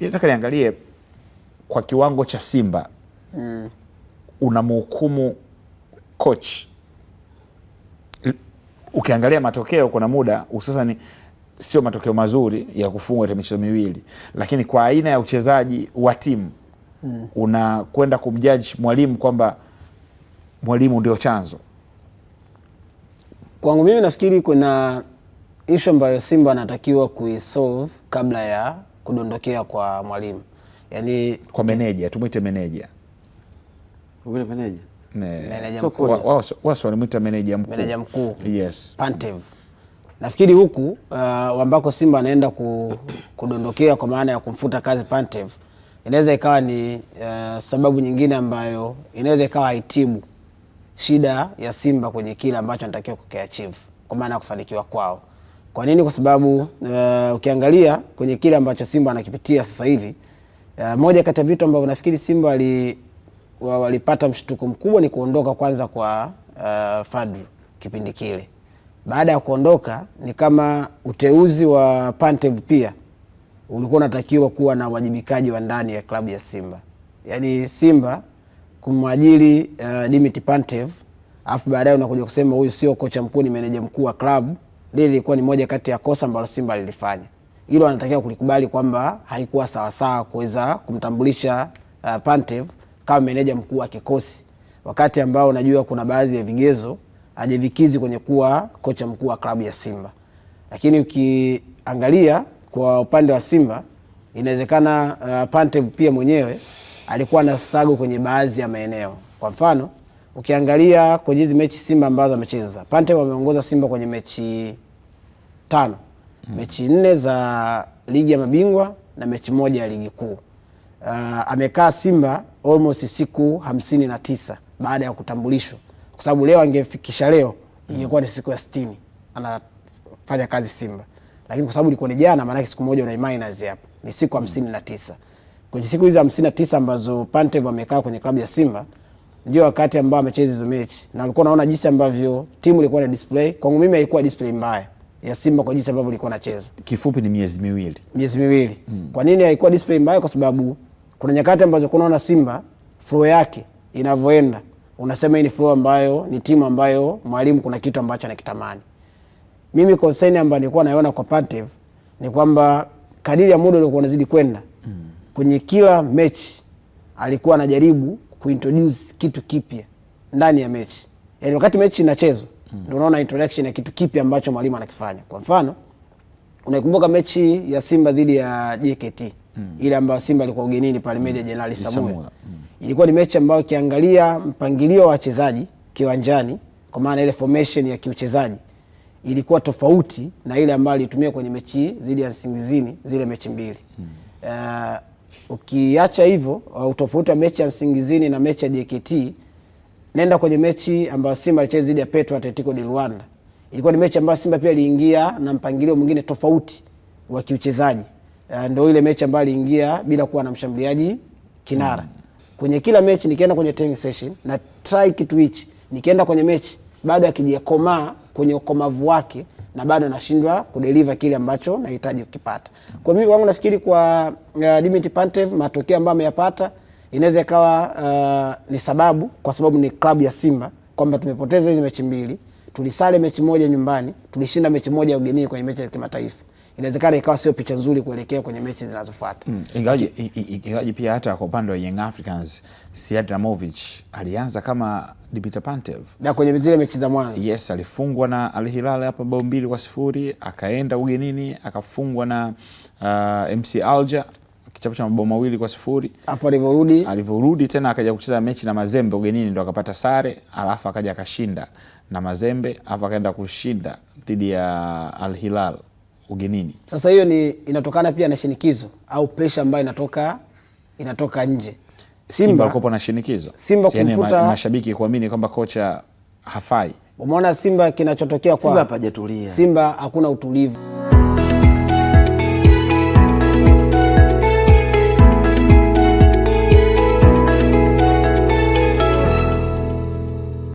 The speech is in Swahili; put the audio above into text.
Yaani nataka niangalie kwa kiwango cha Simba mm. unamhukumu coach ukiangalia matokeo, kuna muda hususani sio matokeo mazuri ya kufungwa katika michezo miwili, lakini kwa aina ya uchezaji wa timu mm. unakwenda kumjaji mwalimu kwamba mwalimu ndio chanzo. Kwangu mimi nafikiri kuna ishu ambayo Simba anatakiwa kuisolve kabla ya kudondokea kwa mwalimu yani, kwa meneja, tumwite meneja wasi meneja mkuu, meneja mkuu. Yes. Pantev nafikiri huku uh, ambako Simba anaenda kudondokea kwa maana ya kumfuta kazi Pantev inaweza ikawa ni uh, sababu nyingine ambayo inaweza ikawa haitibu shida ya Simba kwenye kile ambacho anatakiwa kukiachieve kwa maana ya kufanikiwa kwao. Kwa nini? Kwa sababu uh, ukiangalia kwenye kile ambacho Simba anakipitia sasa hivi uh, moja kati ya vitu ambavyo nafikiri Simba wali, walipata mshtuko mkubwa ni kuondoka kwanza kwa uh, Fadlu kipindi kile. Baada ya kuondoka ni kama uteuzi wa Pantev pia ulikuwa unatakiwa kuwa na uwajibikaji wa ndani ya klabu ya Simba, yaani Simba kumwajili uh, Dimitri Pantev alafu baadaye unakuja kusema huyu sio kocha mkuu, ni meneja mkuu wa klabu lile lilikuwa ni moja kati ya kosa ambalo Simba lilifanya. Hilo anatakiwa kulikubali kwamba haikuwa sawasawa kuweza kumtambulisha uh, Pantev kama meneja mkuu wa kikosi, wakati ambao unajua kuna baadhi ya vigezo hajavikizi kwenye kuwa kocha mkuu wa klabu ya Simba. Lakini ukiangalia kwa upande wa Simba inawezekana uh, Pantev pia mwenyewe alikuwa na sago kwenye baadhi ya maeneo. Kwa mfano ukiangalia kwenye hizi mechi Simba ambazo amecheza Pante wameongoza Simba kwenye mechi tano mm. mechi nne za ligi ya mabingwa na mechi moja ya ligi kuu. Uh, amekaa Simba almost siku hamsini na tisa baada ya kutambulishwa, kwa sababu leo angefikisha leo mm. ingekuwa ni siku ya sitini anafanya kazi Simba, lakini kwa sababu ilikuwa ni jana, maanake siku moja una minus hapo, ni siku hamsini na tisa kwenye siku hizi hamsini na tisa ambazo Pantev amekaa kwenye klabu ya Simba ndio wakati ambao amecheza hizo mechi, na alikuwa unaona jinsi ambavyo timu ilikuwa na display. Kwangu mimi haikuwa display mbaya ya Simba kwa jinsi ambavyo ilikuwa inacheza. Kifupi ni miezi miwili, miezi miwili mm. Kwa nini haikuwa display mbaya? Kwa sababu kuna nyakati ambazo kunaona Simba flow yake inavyoenda, unasema hii ni flow ambayo ni timu ambayo mwalimu kuna kitu ambacho anakitamani. Mimi concern ambayo nilikuwa naiona kwa Pantev ni kwamba kadiri ya muda uliokuwa unazidi kwenda mm. kwenye kila mechi alikuwa anajaribu kuintroduce kitu kipya ndani ya mechi, yaani wakati mechi inachezwa mm. ndio mm. unaona introduction ya kitu kipya ambacho mwalimu anakifanya. Kwa mfano unaikumbuka mechi ya Simba dhidi ya JKT mm. ile ambayo Simba alikuwa ugenini pale Meja mm. Jenerali Samuel mm. ilikuwa ni mechi ambayo ukiangalia mpangilio wa wachezaji kiwanjani, kwa maana ile formation ya kiuchezaji ilikuwa tofauti na ile ambayo alitumia kwenye mechi dhidi ya Singizini, zile mechi mbili mm. uh, Ukiacha hivyo uh, utofauti wa mechi ya Nsingizini na mechi ya JKT, nenda kwenye mechi ambayo Simba alicheza dhidi ya Petro Atletico de Luanda. Ilikuwa ni mechi ambayo Simba pia aliingia na mpangilio mwingine tofauti wa kiuchezaji. Uh, ndio ile mechi ambayo aliingia bila kuwa na mshambuliaji kinara. Mm. Kwenye kila mechi nikienda kwenye training session na try kitu hichi. Nikienda kwenye mechi baada ya kijakomaa kwenye ukomavu wake na bado nashindwa kudeliver kile ambacho nahitaji kukipata. Kwa mimi wangu nafikiri kwa uh, Dimitri Pantev matokeo ambayo ameyapata inaweza ikawa uh, ni sababu kwa sababu ni klabu ya Simba kwamba tumepoteza hizi mechi mbili tulisale mechi moja nyumbani, tulishinda mechi moja ya ugenini kwenye mechi ya kimataifa. Inawezekana ikawa sio picha nzuri kuelekea kwenye mechi zinazofuata. Mm, ingawaje pia hata kwa upande wa Young Africans Siadramovic alianza kama Dimitar Pantev na kwenye zile mechi za mwanzo, yes, alifungwa na Al Hilal hapa bao mbili kwa sifuri, akaenda ugenini akafungwa na uh, MC Alger kichapo cha mabao mawili kwa sifuri. Hapo alivyorudi alivyorudi tena akaja kucheza mechi na Mazembe ugenini, ndo akapata sare, alafu akaja akashinda na Mazembe, alafu akaenda kushinda dhidi ya Al Hilal ugenini. Sasa hiyo ni inatokana pia na shinikizo au presha ambayo inatoka inatoka nje. Simba, Simba alikuwa na shinikizo, Simba yaani kumfuta yani mashabiki kuamini kwamba kocha hafai. Umeona Simba kinachotokea kwa Simba hapajatulia, Simba hakuna utulivu.